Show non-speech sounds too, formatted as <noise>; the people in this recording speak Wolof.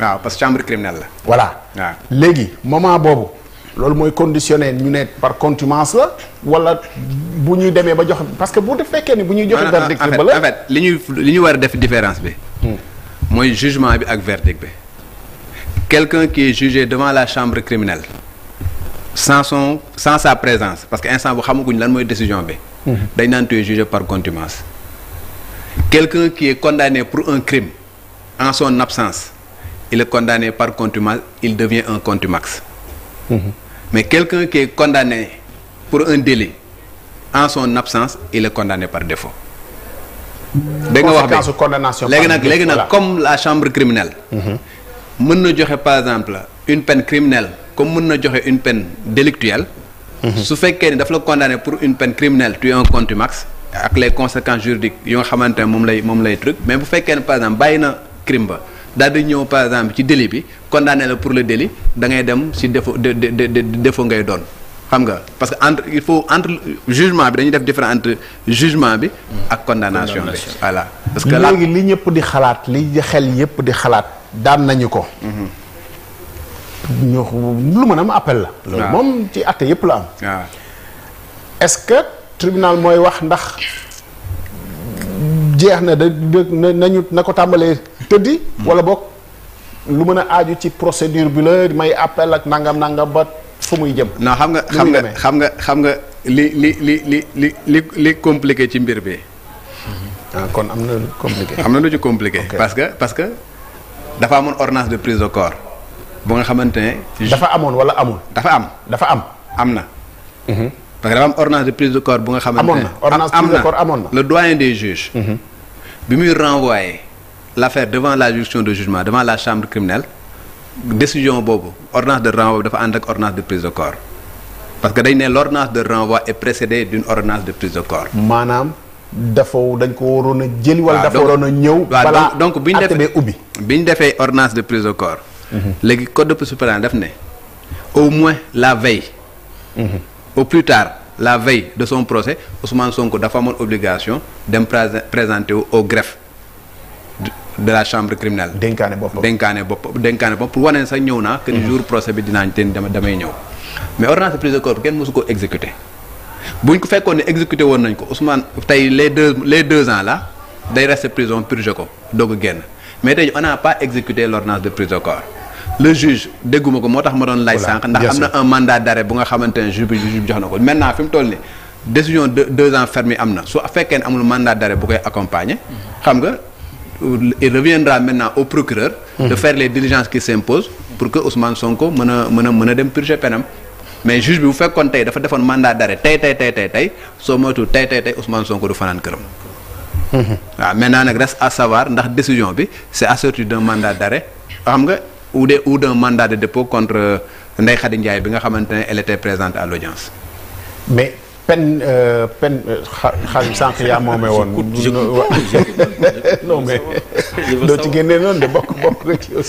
waaw parce que chambre criminelle la. voilà waaw léegi moment boobu loolu mooy conditionné ñu ne par contumace la wala bu ñuy demee ba jox parce que bu fekkee ni bu ñuy joxe verdict en fait li ñuy li ñu war a def différence bi. Hmm. mooy jugement bi ak verdict bi. quelqu'un qui est jugé devant la chambre criminelle sans son sans sa présence parce que instant bu xamaguñ lan mooy décision bi. Hmm. dañ naan tu es par contumace. quelqu'un qui est pour un crime en son absence. il est condamné par contumace il devient un contumax mmh. mais quelqu'un qui est pour un délit en son absence il est par défaut dégg nga wax bi condamnation léegi nag léegi nag comme la chambre criminelle mhm. mën na joxe par exemple une peine criminelle comme mën na joxe une pen délictuelle mhm. su fekkee ni daf la condamné pour une peine criminelle tu es un contumax ak les conséquences juridiques yu nga xamante ne moom lay moom lay truc mais bu fekkee ne par exemple bàyyi na crime ba daal di ñëw par exemple ci déli bi condamné la pour le déli da ngay dem si défaut de de de défaut ngay doon xam nga parce que entre il faut entre jugement bi dañuy def différence entre jugement bi. ak condamnation bi voilà. parce que léegi li ñëpp di xalaat li xel yëpp di xalaat daan nañu ko. Mm-hmm. ñu lu mën am appel la. loolu moom ci àtte yëpp la am. est-ce tribunal mooy wax ndax. jeex na da nañu na ko tàmbalee tëddi. Mm. wala boog lu mën a aaju ci procédure bi la may appel ak nangam nangam ba fu muy jëm. non xam nga xam nga xam nga xam nga li li li li li li li compliqué ci mbir bi. Mm-hmm. ah kon am na lu compliqué. am na lu ci compliqué. parce que parce que dafa amoon ordonnance de prise de corps. bu nga xamante ne. dafa amoon wala amul. dafa am dafa am. am na. Mm-hmm. parce que dafa am ordonnance de prise de corps bu nga xamante ne amoon na ordonnance de corps amoon na le doyen des juges. bi muy renvoyer la affaire devant la juridiction de jugement devant la chambre criminelle décision boobu ordonnance de renvoi dafa ànd ak ordonnance de prise de corps parce que dañ ne l' ordonnance de renvoi est précédée d' une ordonnance de prise de corps. maanaam dafa dañ ko waroon a jël. wala dafa waroon a ñëw. balaa donc bi ñu defee ubbi. bi ñu defee ordonnance de prise de corps. Mhm. léegi code de procédure pénale ne au moins la veille. Mhm. au plus tard la veille de son procès Ousmane Sonko dafa amoon obligation dem présenter wu au greffe de la chambre criminelle. dénkaane boppam dénkaane boppam dénkaane boppam pour wane sa ñëw naa. que mm-hmm. jour procès bi dinaa teen dama damay ñëw. mais ordonnance de prise de corps bi kenn mosu ko exécuté buñ ko fekkoon ne exécuté woon nañ ko Ousmane tey les deux les deux ans la day rester prison purgé ko doog a génn mais tey on n'a pas exécuté l'ordonnance de prise de corps. le juge dégguma ko moo tax ma doon laaj sànq ndax am na un mandat d'arrêt bu nga xamante ne juge bi juge bi jox na ko maintenant fi mu toll nii décision de deux ans ferme yi am na su fekkee ne amul mandat d'arrêt bu koy accompagner xam nga il reviendra maintenant au procureur de mhm. faire les diligences qui s'imposent pour que Ousmane Sonko mën a mën a mën a dem purger penam mais juge bi bu fekkoon tey dafa defoon mandat d'arrêt tey tey tey tey tey soo moytu tey tey tey Ousmane Sonko du fanaan këram mhm. waaw maintenant nag reste à savoir ndax décision bi c'est assorti d'un mandat d'arrêt ou de ou mandat de dépôt contre euh, Ndeye Khady Ndiaye bi nga xamante ne présent était présente à l'audience mais pen euh, pen euh, xaalis sànq yaa moomee woon. non mais <laughs> doo ci génne noonu de bokk bokk nga ci